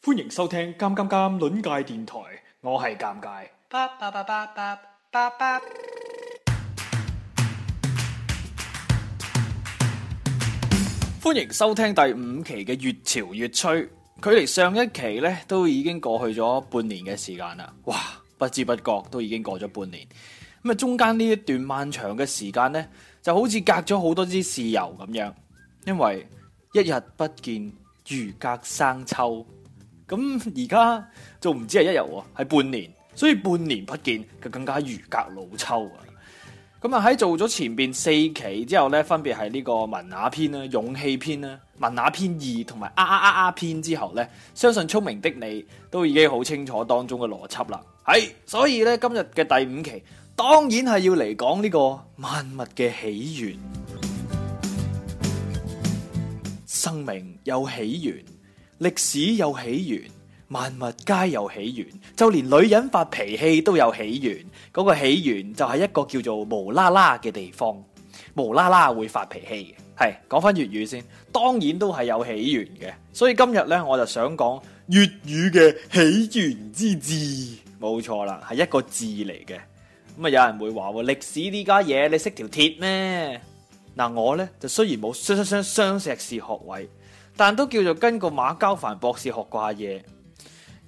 歡迎收聽《尷尷尷》鄰界電台，我係尷尬。歡迎收聽第五期嘅越潮越吹，距離上一期咧都已經過去咗半年嘅時間啦。哇，不知不覺都已經過咗半年。咁啊，中間呢一段漫長嘅時間咧，就好似隔咗好多支豉油咁樣，因為一日不見，如隔生抽。咁而家就唔止係一日，係半年，所以半年不見就更加如隔老秋啊！咁啊喺做咗前面四期之後咧，分別係呢個文雅篇啦、勇氣篇啦、文雅篇二同埋啊啊啊啊篇之後咧，相信聰明的你都已經好清楚當中嘅邏輯啦。係，所以咧今日嘅第五期當然係要嚟講呢個萬物嘅起源，生命有起源。歷史有起源，萬物皆有起源，就連女人發脾氣都有起源。嗰個起源就係一個叫做無啦啦嘅地方，無啦啦會發脾氣嘅。係講翻粵語先，當然都係有起源嘅。所以今日呢，我就想講粵語嘅起源之字，冇錯啦，係一個字嚟嘅。咁啊，有人會話歷史呢家嘢你識條鐵咩？嗱，我呢，就雖然冇雙雙雙雙碩士學位。但都叫做跟個馬交凡博士學過下嘢。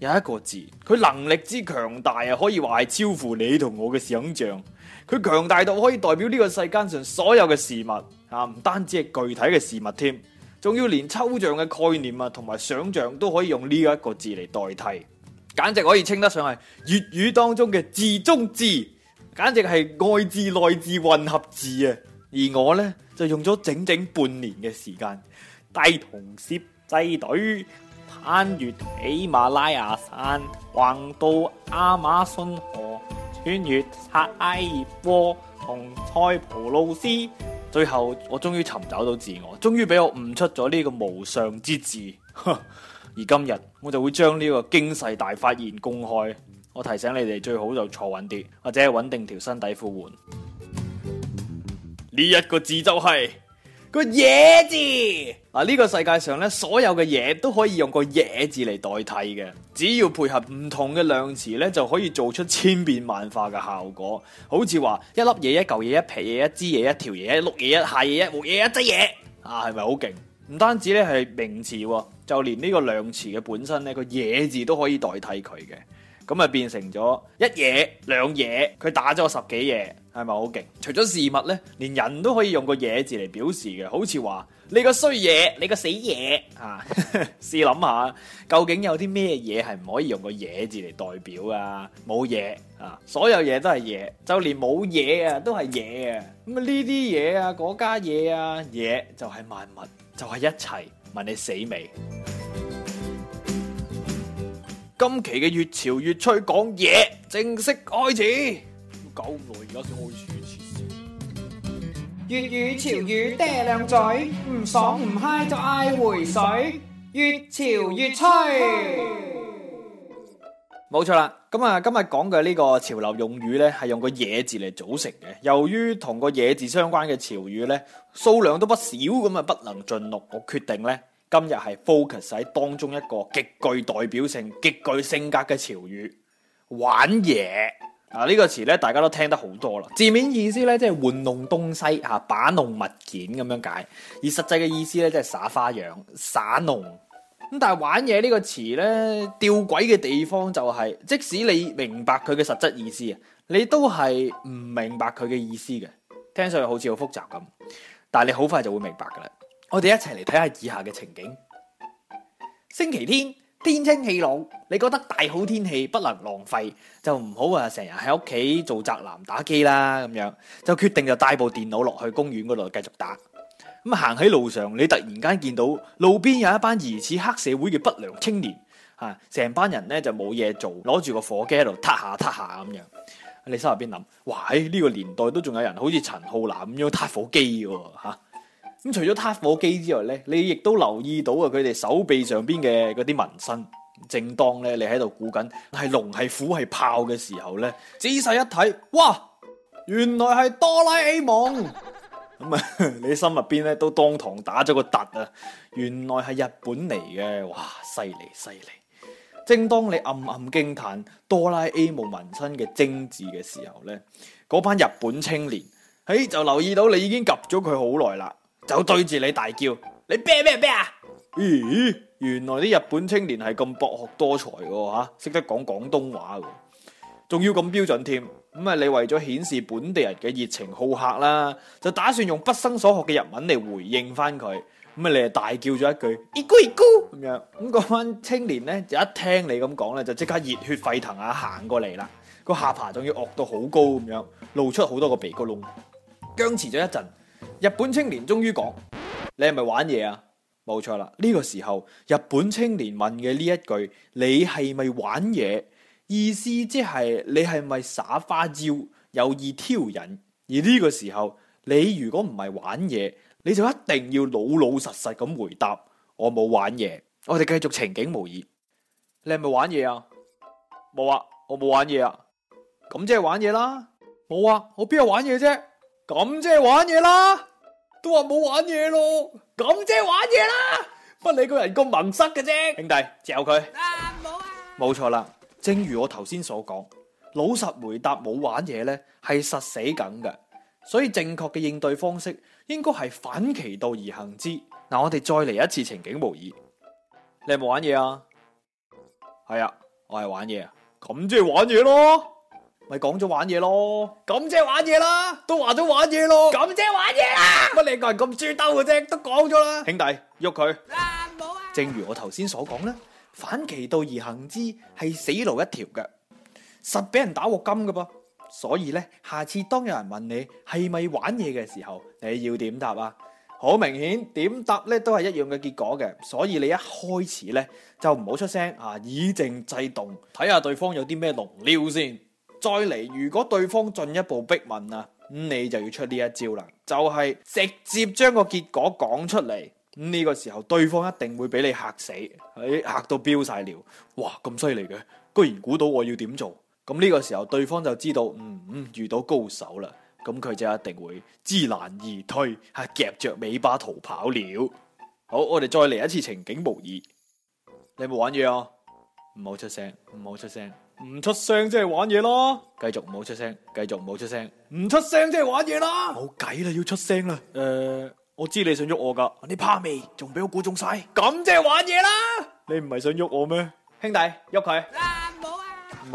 有一個字，佢能力之強大啊，可以話係超乎你同我嘅想象。佢強大到可以代表呢個世界上所有嘅事物啊，唔單止係具體嘅事物添，仲要連抽象嘅概念啊，同埋想象都可以用呢一個字嚟代替，簡直可以稱得上係粵語當中嘅字中字，簡直係外字內字混合字啊！而我呢就用咗整整半年嘅時間。帶同攝製隊攀越喜馬拉雅山，橫渡亞馬遜河，穿越塞拉耶佛同塞浦路斯，最後我終於尋找到自我，終於俾我悟出咗呢個無上之字。而今日我就會將呢個驚世大發現公開。我提醒你哋最好就坐穩啲，或者揾定條新底褲換。呢一個字就係，是。個嘢字啊！呢個世界上咧，所有嘅嘢都可以用個嘢字嚟代替嘅，只要配合唔同嘅量詞咧，就可以做出千變萬化嘅效果。好似話一粒嘢、一嚿嘢、一皮嘢、一支嘢、一條嘢、一碌嘢、一下嘢、一木嘢、一粒嘢啊，係咪好勁？唔單止咧係名詞，就連呢個量詞嘅本身咧，個嘢字都可以代替佢嘅。咁啊，變成咗一嘢兩嘢，佢打咗十幾嘢，係咪好勁？除咗事物咧，連人都可以用個嘢字嚟表示嘅，好似話你個衰嘢，你個死嘢啊！ 試諗下，究竟有啲咩嘢係唔可以用個嘢字嚟代表啊？冇嘢啊，所有嘢都係嘢，就連冇嘢啊都係嘢啊！咁啊，呢啲嘢啊，嗰家嘢啊，嘢就係萬物，就係、是、一切。問你死未？今期嘅越潮越吹講嘢正式開始，搞咁耐而家先開始。粵語潮語爹靚嘴，唔爽唔嗨就嗌回水。越潮越吹冇錯啦，咁啊今日講嘅呢個潮流用語咧，係用個「野」字嚟組成嘅。由於同個「野」字相關嘅潮語咧，數量都不少，咁啊不能盡錄，我決定咧。今日係 focus 喺當中一個極具代表性、極具性格嘅潮語，玩嘢啊，呢個詞咧，大家都聽得好多啦。字面意思咧，即係玩弄東西吓，把弄物件咁樣解。而實際嘅意思咧，即係耍花樣、耍弄。咁但係玩嘢呢個詞咧，吊詭嘅地方就係、是，即使你明白佢嘅實質意思啊，你都係唔明白佢嘅意思嘅。聽上去好似好複雜咁，但係你好快就會明白噶啦。我哋一齊嚟睇下以下嘅情景。星期天，天清氣朗，你覺得大好天氣不能浪費，就唔好話成日喺屋企做宅男打機啦咁樣，就決定就帶部電腦落去公園嗰度繼續打。咁行喺路上，你突然間見到路邊有一班疑似黑社會嘅不良青年，吓、啊、成班人咧就冇嘢做，攞住個火機喺度撻下撻下咁樣。你心入邊諗，哇！呢、這個年代都仲有人好似陳浩南咁樣撻火機嘅、啊、吓。啊。咁除咗撻火機之外咧，你亦都留意到啊，佢哋手臂上邊嘅嗰啲紋身。正當咧你喺度估緊係龍係虎係豹嘅時候咧，仔細一睇，哇，原來係哆啦 A 夢。咁啊，你心入邊咧都當堂打咗個突啊！原來係日本嚟嘅，哇，犀利犀利。正當你暗暗驚嘆哆啦 A 夢紋身嘅精致嘅時候咧，嗰班日本青年喺、哎、就留意到你已經及咗佢好耐啦。就對住你大叫，你啤咩咩啊？咦，原來啲日本青年係咁博學多才嘅吓，識、啊、得講廣東話的，仲要咁標準添。咁啊，你為咗顯示本地人嘅熱情好客啦，就打算用畢生所學嘅日文嚟回應翻佢。咁啊，你啊大叫咗一句，伊古伊古咁樣。咁嗰班青年咧就一聽你咁講咧，就即刻熱血沸騰啊，行過嚟啦。個下巴仲要惡到好高咁樣，露出好多個鼻哥窿。僵持咗一陣。日本青年終於講：你係咪玩嘢啊？冇錯啦！呢、這個時候，日本青年問嘅呢一句：你係咪玩嘢？意思即、就、係、是、你係咪耍花招，有意挑釁？而呢個時候，你如果唔係玩嘢，你就一定要老老實實咁回答：我冇玩嘢。我哋繼續情景模擬：你係咪玩嘢啊？冇啊，我冇玩嘢啊。咁即係玩嘢啦？冇啊，我邊有玩嘢啫？咁即係玩嘢啦，都話冇玩嘢咯，咁即係玩嘢啦，不理你個人咁盲塞嘅啫，兄弟，嚼佢。冇、啊啊、錯啦，正如我頭先所講，老實回答冇玩嘢咧，係實死梗嘅，所以正確嘅應對方式應該係反其道而行之。嗱、嗯，我哋再嚟一次情景模擬，你有冇玩嘢啊？係啊，我係玩嘢啊，咁即係玩嘢咯。咪講咗玩嘢咯，咁即係玩嘢啦，都話咗玩嘢咯，咁即係玩嘢啦。乜你個人咁豬兜嘅啫，都講咗啦。兄弟，喐佢。啊啊、正如我頭先所講咧，反其道而行之係死路一條嘅，實俾人打鑊金嘅噃。所以咧，下次當有人問你係咪玩嘢嘅時候，你要點答啊？好明顯，點答咧都係一樣嘅結果嘅。所以你一開始咧就唔好出聲啊，以靜制動，睇下對方有啲咩龍撩先。再嚟，如果對方進一步逼問啊，咁你就要出呢一招啦，就係直接將個結果講出嚟。呢個時候，對方一定會俾你嚇死，哎，嚇到飆晒尿。哇，咁犀利嘅，居然估到我要點做。咁呢個時候，對方就知道，嗯，嗯，遇到高手啦。咁佢就一定會知難而退，係夾著尾巴逃跑了。好，我哋再嚟一次情景模擬，你冇玩嘢啊？唔好出聲，唔好出聲，唔出聲即係玩嘢咯。繼續唔好出聲，繼續唔好出聲，唔出聲即係玩嘢啦。冇計啦，要出聲啦。誒、呃，我知你想喐我噶，你怕未？仲俾我估中晒，咁即係玩嘢啦。你唔係想喐我咩？兄弟，喐佢。冇、啊啊、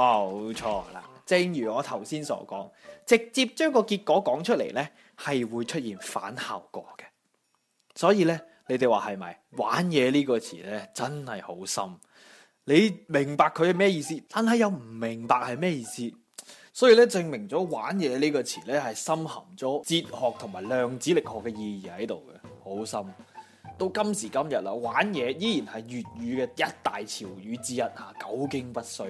錯啦，正如我頭先所講，直接將個結果講出嚟呢，係會出現反效果嘅。所以呢，你哋話係咪？玩嘢呢個詞呢，真係好深。你明白佢係咩意思，但係又唔明白係咩意思，所以咧證明咗玩嘢呢個詞咧係深含咗哲學同埋量子力學嘅意義喺度嘅，好深。到今時今日啦，玩嘢依然係粵語嘅一大潮語之一啊，久經不衰。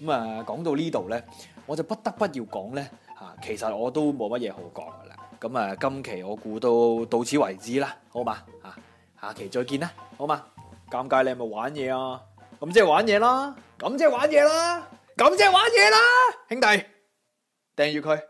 咁啊，講到呢度咧，我就不得不要講咧，吓，其實我都冇乜嘢好講噶啦。咁啊，今期我估都到，到此為止啦，好嘛？吓，下期再見啦，好嘛？尷尬，你係咪，你係咪玩嘢啊？咁即係玩嘢啦，咁即係玩嘢啦，咁即係玩嘢啦，兄弟，掟住佢。